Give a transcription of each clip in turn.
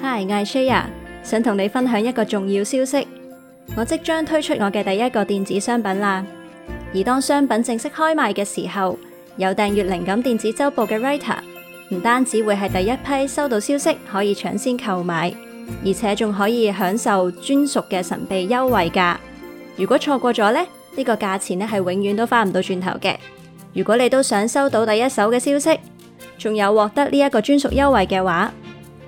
Hi，I'm Shaya，想同你分享一個重要消息。我即將推出我嘅第一個電子商品啦。而當商品正式開賣嘅時候，有訂閱靈感電子週報嘅 writer，唔單止會係第一批收到消息可以搶先購買，而且仲可以享受專屬嘅神秘優惠價。如果錯過咗呢，呢、呢個價錢咧，係永遠都翻唔到轉頭嘅。如果你都想收到第一手嘅消息，仲有獲得呢一個專屬優惠嘅話，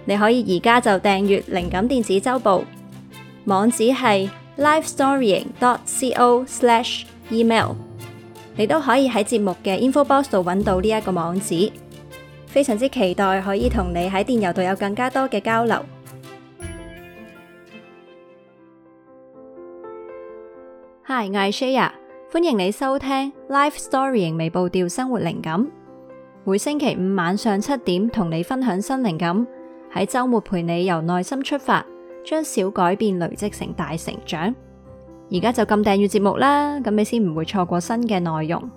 你可以而家就訂閱靈感電子週報，網址係 lifestorying.co/email。你都可以喺節目嘅 info box 度搵到呢一個網址。非常之期待可以同你喺電郵度有更加多嘅交流。Hi，我係 Shaya，歡迎你收聽 Lifestorying 微步調生活靈感，每星期五晚上七點同你分享新靈感。喺周末陪你由內心出發，將小改變累積成大成長。而家就撳訂閱節目啦，咁你先唔會錯過新嘅內容。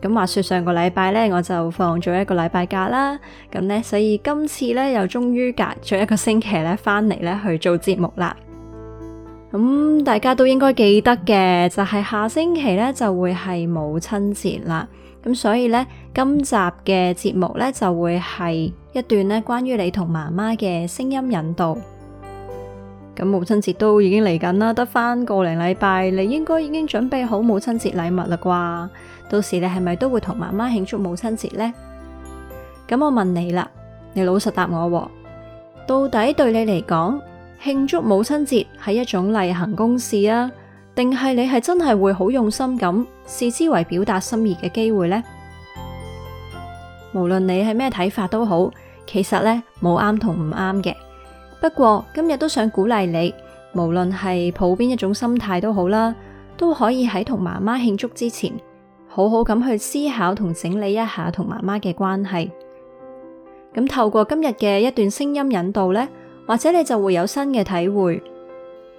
咁話說上個禮拜呢，我就放咗一個禮拜假啦，咁呢，所以今次呢，又終於隔咗一個星期呢翻嚟呢去做節目啦。咁、嗯、大家都應該記得嘅，就係、是、下星期咧就會係母親節啦。咁所以咧，今集嘅節目咧就會係一段咧關於你同媽媽嘅聲音引導。咁母親節都已經嚟緊啦，得翻個零禮拜，你應該已經準備好母親節禮物啦啩？到時你係咪都會同媽媽慶祝母親節呢？咁我問你啦，你老實答我、啊，到底對你嚟講，慶祝母親節係一種例行公事啊，定係你係真係會好用心咁視之為表達心意嘅機會呢？無論你係咩睇法都好，其實呢冇啱同唔啱嘅。不過今日都想鼓勵你，無論係抱邊一種心態都好啦，都可以喺同媽媽慶祝之前，好好咁去思考同整理一下同媽媽嘅關係。咁透過今日嘅一段聲音引導呢。或者你就會有新嘅體會，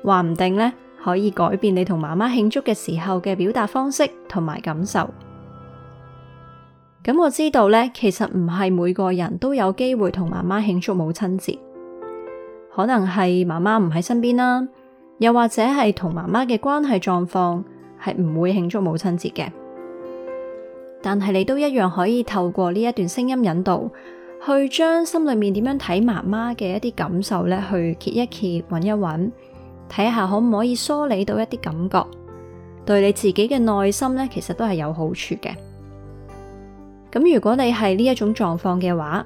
話唔定呢，可以改變你同媽媽慶祝嘅時候嘅表達方式同埋感受。咁我知道呢，其實唔係每個人都有機會同媽媽慶祝母親節，可能係媽媽唔喺身邊啦，又或者係同媽媽嘅關係狀況係唔會慶祝母親節嘅。但係你都一樣可以透過呢一段聲音引導。去將心裏面點樣睇媽媽嘅一啲感受咧，去揭一揭，揾一揾，睇下可唔可以梳理到一啲感覺，對你自己嘅內心咧，其實都係有好處嘅。咁如果你係呢一種狀況嘅話，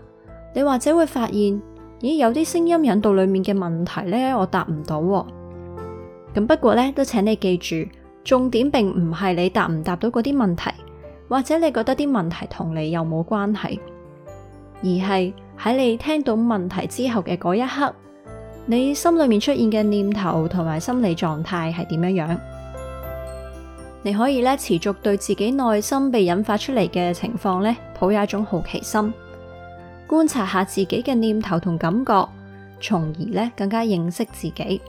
你或者會發現，咦，有啲聲音引導裏面嘅問題咧，我答唔到喎。咁不過咧，都請你記住，重點並唔係你答唔答到嗰啲問題，或者你覺得啲問題同你又冇關係。而係喺你聽到問題之後嘅嗰一刻，你心裏面出現嘅念頭同埋心理狀態係點樣樣？你可以呢持續對自己內心被引發出嚟嘅情況呢抱有一種好奇心，觀察下自己嘅念頭同感覺，從而呢更加認識自己。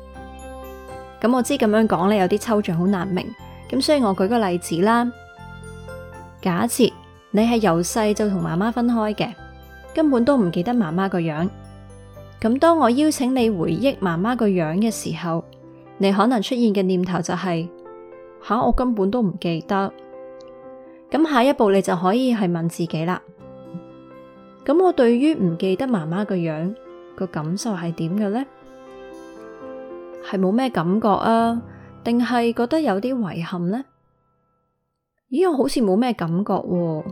咁我知咁樣講呢有啲抽象，好難明。咁所以我舉個例子啦，假設你係由細就同媽媽分開嘅。根本都唔記得媽媽個樣，咁當我邀請你回憶媽媽個樣嘅時候，你可能出現嘅念頭就係、是，吓、啊、我根本都唔記得。咁下一步你就可以係問自己啦，咁我對於唔記得媽媽個樣、個感受係點嘅咧？係冇咩感覺啊？定係覺得有啲遺憾呢？咦，我好似冇咩感覺喎、啊。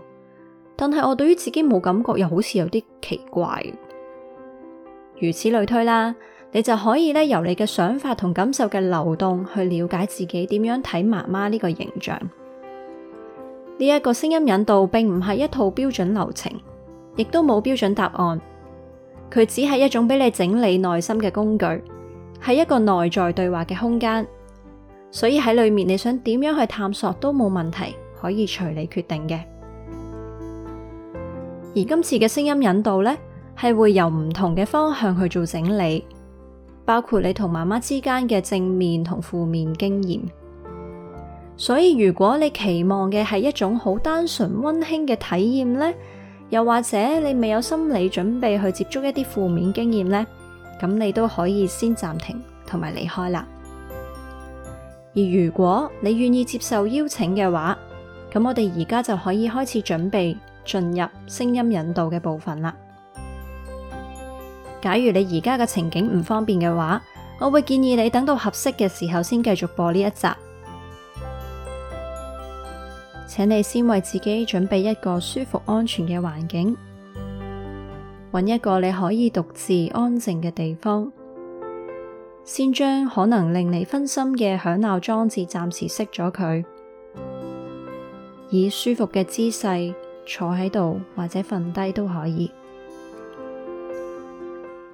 但係我對於自己冇感覺，又好似有啲奇怪。如此類推啦，你就可以咧由你嘅想法同感受嘅流動去了解自己點樣睇媽媽呢個形象。呢一個聲音引導並唔係一套標準流程，亦都冇標準答案。佢只係一種俾你整理內心嘅工具，係一個內在對話嘅空間。所以喺裏面你想點樣去探索都冇問題，可以隨你決定嘅。而今次嘅聲音引導呢，係會由唔同嘅方向去做整理，包括你同媽媽之間嘅正面同負面經驗。所以如果你期望嘅係一種好單純溫馨嘅體驗呢，又或者你未有心理準備去接觸一啲負面經驗呢，咁你都可以先暫停同埋離開啦。而如果你願意接受邀請嘅話，咁我哋而家就可以開始準備。進入聲音引導嘅部分啦。假如你而家嘅情景唔方便嘅話，我會建議你等到合適嘅時候先繼續播呢一集。請你先為自己準備一個舒服、安全嘅環境，搵一個你可以獨自安靜嘅地方，先將可能令你分心嘅響鬧裝置暫時熄咗佢，以舒服嘅姿勢。坐喺度或者瞓低都可以。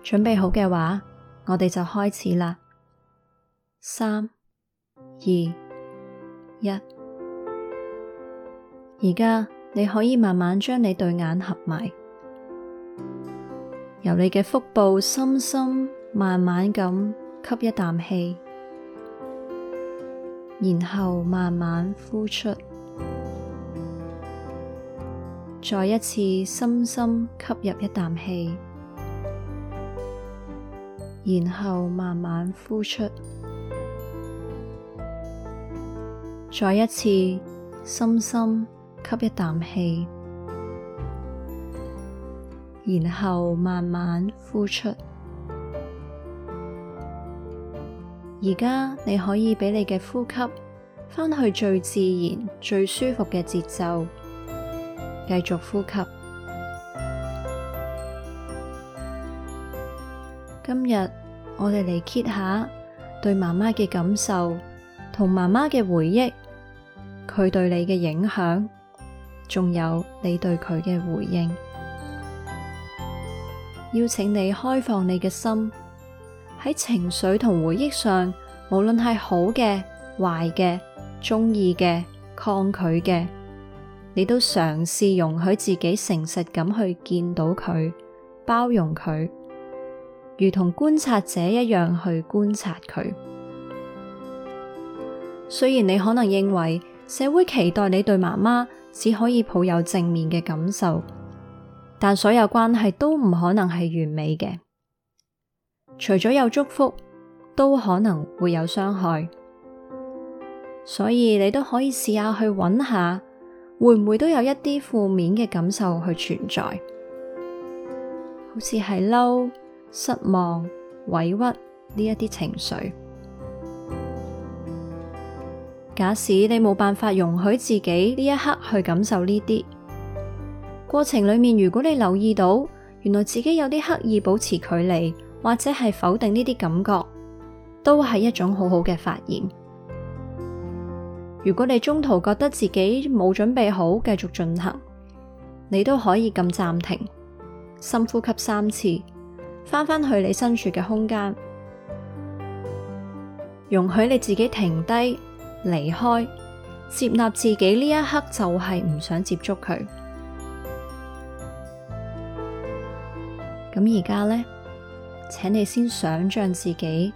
準備好嘅話，我哋就開始啦。三、二、一。而家你可以慢慢將你對眼合埋，由你嘅腹部深深慢慢咁吸一啖氣，然後慢慢呼出。再一次深深吸入一啖氣，然後慢慢呼出。再一次深深吸一啖氣，然後慢慢呼出。而家你可以畀你嘅呼吸返去最自然、最舒服嘅節奏。繼續呼吸。今日我哋嚟揭下對媽媽嘅感受，同媽媽嘅回憶，佢對你嘅影響，仲有你對佢嘅回應。邀請你開放你嘅心喺情緒同回憶上，無論係好嘅、壞嘅、鍾意嘅、抗拒嘅。你都嘗試容許自己誠實咁去見到佢，包容佢，如同觀察者一樣去觀察佢。雖然你可能認為社會期待你對媽媽只可以抱有正面嘅感受，但所有關係都唔可能係完美嘅，除咗有祝福，都可能會有傷害。所以你都可以試，試下去揾下。會唔會都有一啲負面嘅感受去存在？好似係嬲、失望、委屈呢一啲情緒。假使你冇辦法容許自己呢一刻去感受呢啲，過程裏面，如果你留意到，原來自己有啲刻意保持距離，或者係否定呢啲感覺，都係一種好好嘅發現。如果你中途覺得自己冇準備好繼續進行，你都可以撳暫停，深呼吸三次，翻返去你身處嘅空間，容許你自己停低、離開、接納自己呢一刻就係唔想接觸佢。咁而家呢，請你先想象自己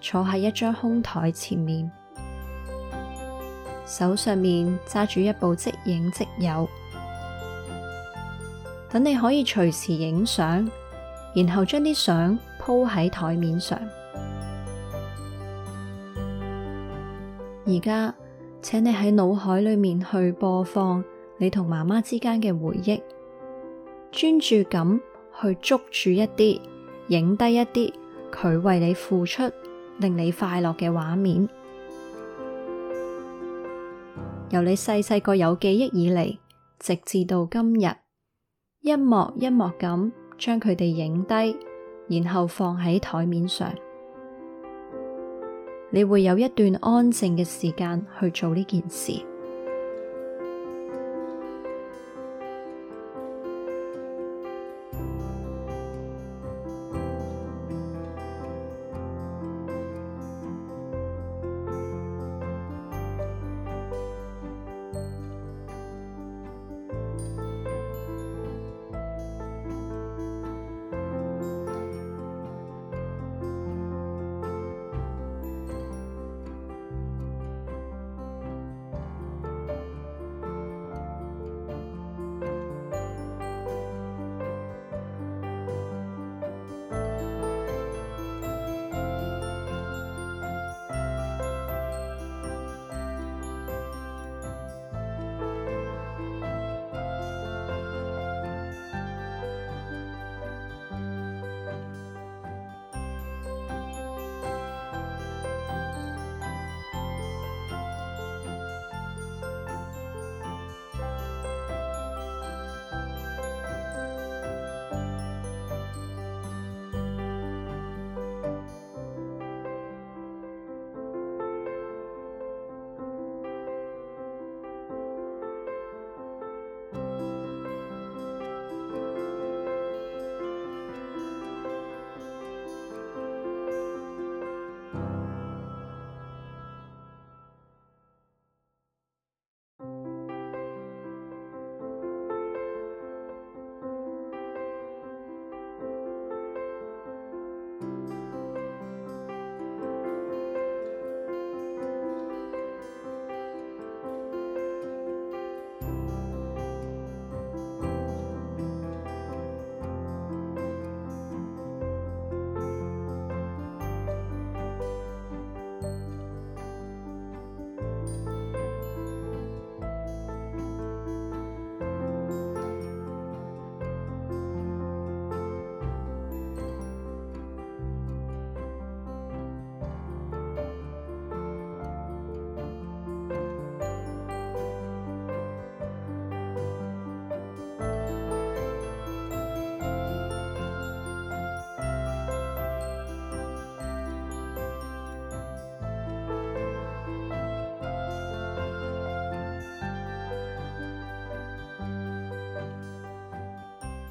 坐喺一張空台前面。手上面揸住一部即影即有，等你可以隨時影相，然後將啲相鋪喺台面上。而家，請你喺腦海裏面去播放你同媽媽之間嘅回憶，專注咁去捉住一啲，影低一啲，佢為你付出令你快樂嘅畫面。由你細細個有記憶以嚟，直至到今日，一幕一幕咁將佢哋影低，然後放喺台面上，你會有一段安靜嘅時間去做呢件事。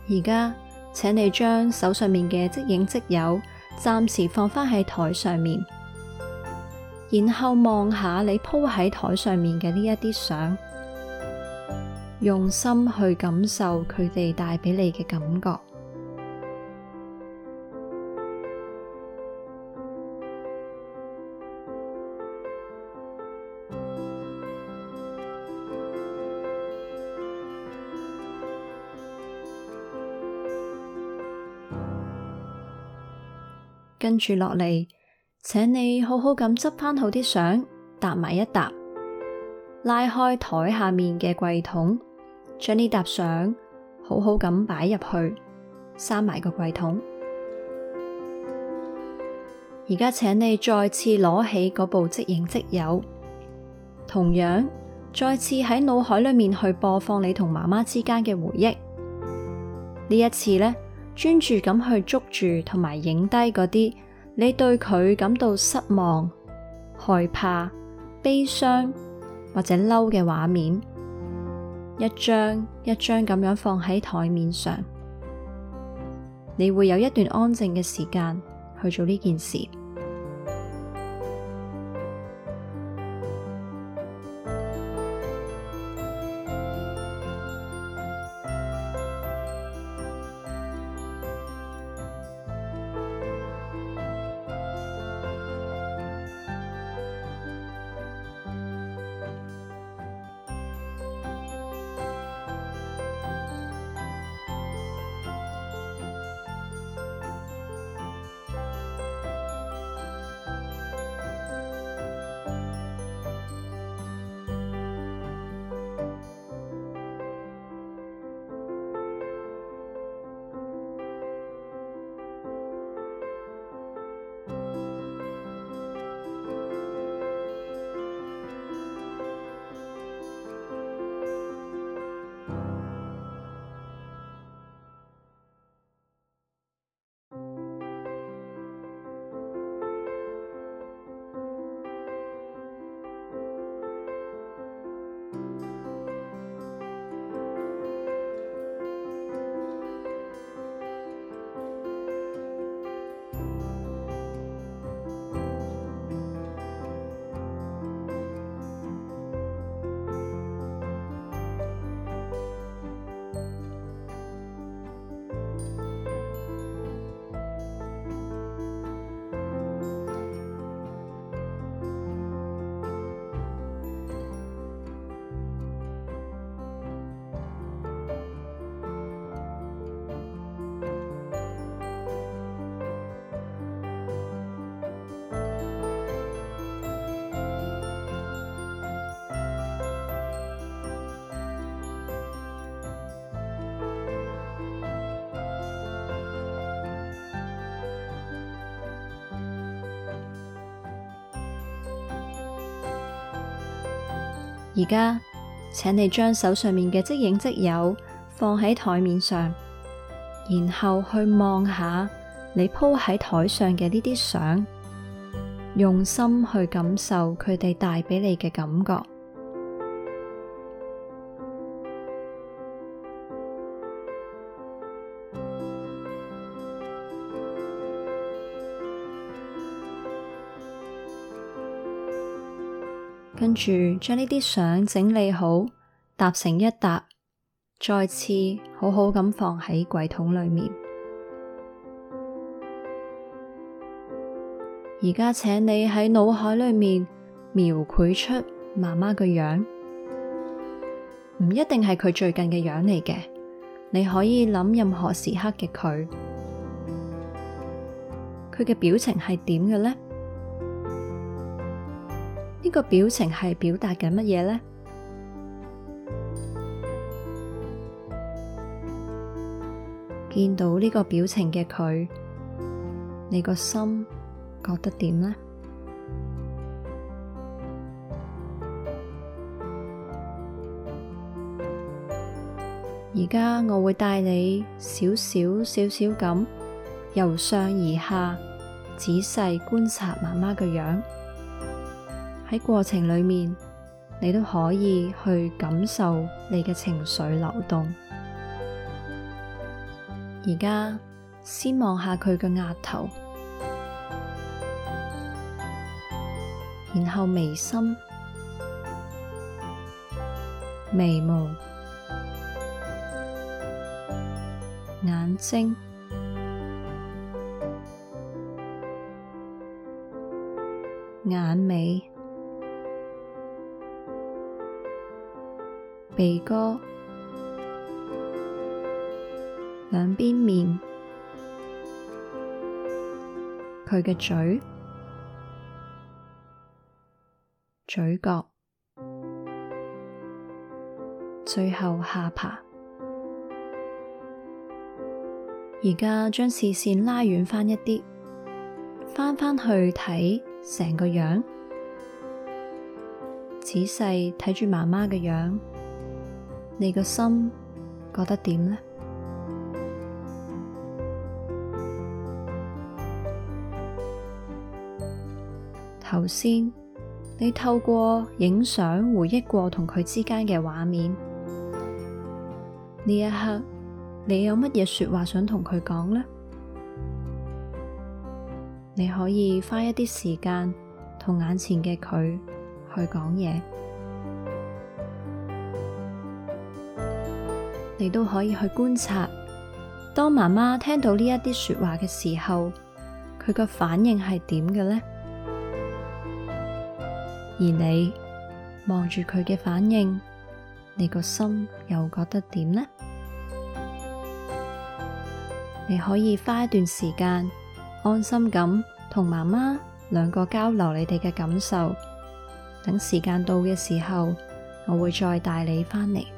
而家，請你將手上面嘅即影即有暫時放返喺台上面，然後望下你鋪喺台上面嘅呢一啲相，用心去感受佢哋帶畀你嘅感覺。跟住落嚟，請你好好咁執翻好啲相，搭埋一沓，拉開台下面嘅櫃桶，將呢沓相好好咁擺入去，閂埋個櫃桶。而家請你再次攞起嗰部即影即有，同樣再次喺腦海裏面去播放你同媽媽之間嘅回憶。呢一次呢。專注咁去捉住同埋影低嗰啲你對佢感到失望、害怕、悲傷或者嬲嘅畫面，一張一張咁樣放喺台面上，你會有一段安靜嘅時間去做呢件事。而家，請你將手上面嘅即影即有放喺台面上，然後去望下你鋪喺台上嘅呢啲相，用心去感受佢哋帶畀你嘅感覺。跟住將呢啲相整理好，搭成一疊，再次好好咁放喺櫃桶裏面。而家請你喺腦海裏面描繪出媽媽嘅樣，唔一定係佢最近嘅樣嚟嘅，你可以諗任何時刻嘅佢，佢嘅表情係點嘅呢？呢個表情係表達緊乜嘢呢？見到呢個表情嘅佢，你個心覺得點呢？而家我會帶你少少少少噉，由上而下，仔細觀察媽媽嘅樣。喺過程裏面，你都可以去感受你嘅情緒流動。而家先望下佢嘅額頭，然後眉心、眉毛、眼睛、眼尾。鼻哥，兩邊面，佢嘅嘴，嘴角，最後下巴。而家將視線拉遠翻一啲，翻返去睇成個樣，仔細睇住媽媽嘅樣。你個心覺得點呢？頭先，你透過影相回憶過同佢之間嘅畫面。呢一刻，你有乜嘢說話想同佢講呢？你可以花一啲時間，同眼前嘅佢去講嘢。你都可以去觀察，當媽媽聽到呢一啲說話嘅時候，佢個反應係點嘅呢？而你望住佢嘅反應，你個心又覺得點呢？你可以花一段時間安心咁同媽媽兩個交流你哋嘅感受，等時間到嘅時候，我會再帶你翻嚟。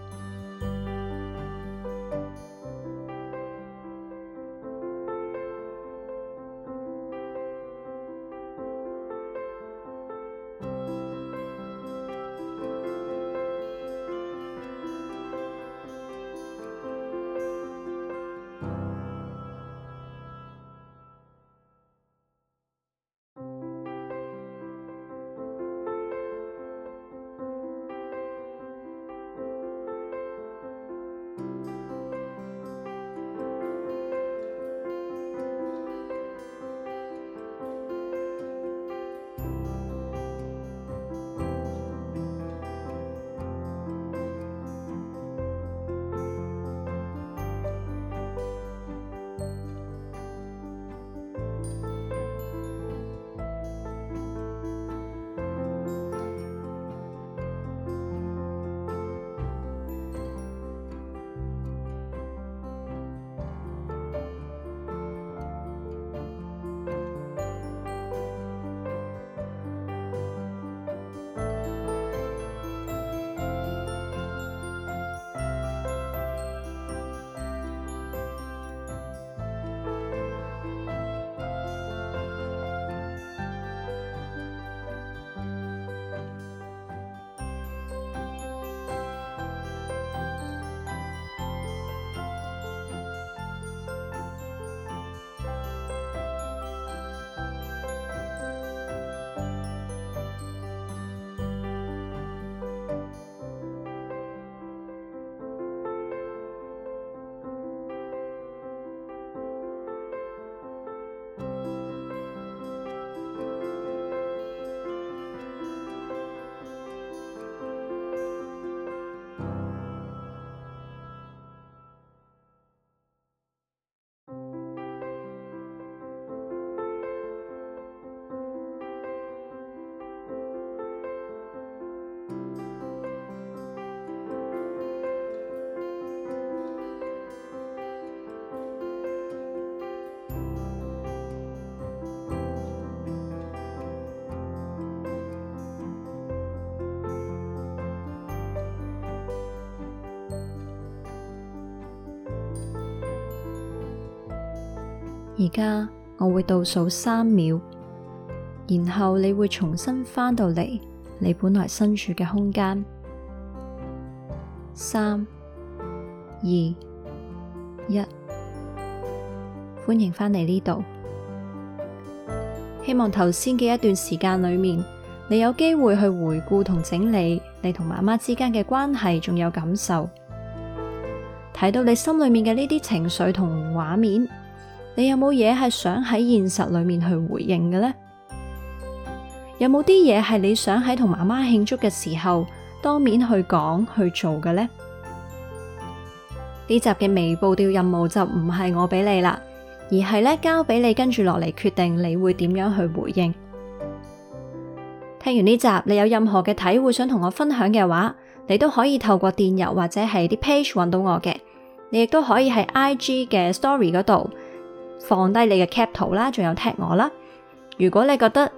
而家我會倒數三秒，然後你會重新翻到嚟你本來身處嘅空間。三、二、一，歡迎返嚟呢度。希望頭先嘅一段時間裏面，你有機會去回顧同整理你同媽媽之間嘅關係，仲有感受，睇到你心裏面嘅呢啲情緒同畫面。你有冇嘢係想喺現實裏面去回應嘅呢？有冇啲嘢係你想喺同媽媽慶祝嘅時候當面去講去做嘅呢？呢集嘅微步調任務就唔係我俾你啦，而係咧交俾你跟住落嚟決定你會點樣去回應。聽完呢集，你有任何嘅體會想同我分享嘅話，你都可以透過電郵或者係啲 page 搵到我嘅。你亦都可以喺 IG 嘅 Story 嗰度放低你嘅 cap 圖啦，仲有踢我啦。如果你覺得誒、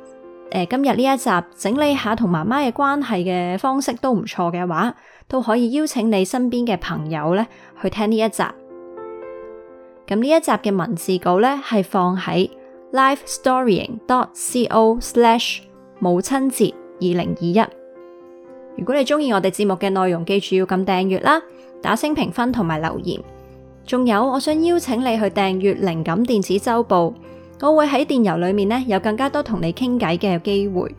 呃、今日呢一集整理下同媽媽嘅關係嘅方式都唔錯嘅話，都可以邀請你身邊嘅朋友咧去聽呢一集。咁呢一集嘅文字稿咧係放喺 lifestorying.co/ 母親節二零二一。如果你中意我哋節目嘅內容，記住要咁訂閱啦，打星評分同埋留言。仲有，我想邀請你去訂閱靈感電子週報。我會喺電郵裏面咧有更加多同你傾偈嘅機會。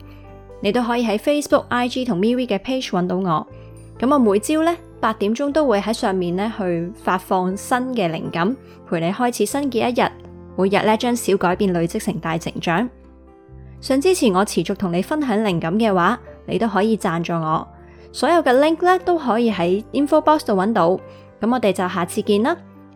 你都可以喺 Facebook、IG 同 MeWe 嘅 page 搵到我。咁我每朝咧八點鐘都會喺上面咧去發放新嘅靈感，陪你開始新嘅一日。每日咧將小改變累積成大成長。想支持我持續同你分享靈感嘅話，你都可以贊助我。所有嘅 link 咧都可以喺 InfoBox 度搵到。咁我哋就下次見啦。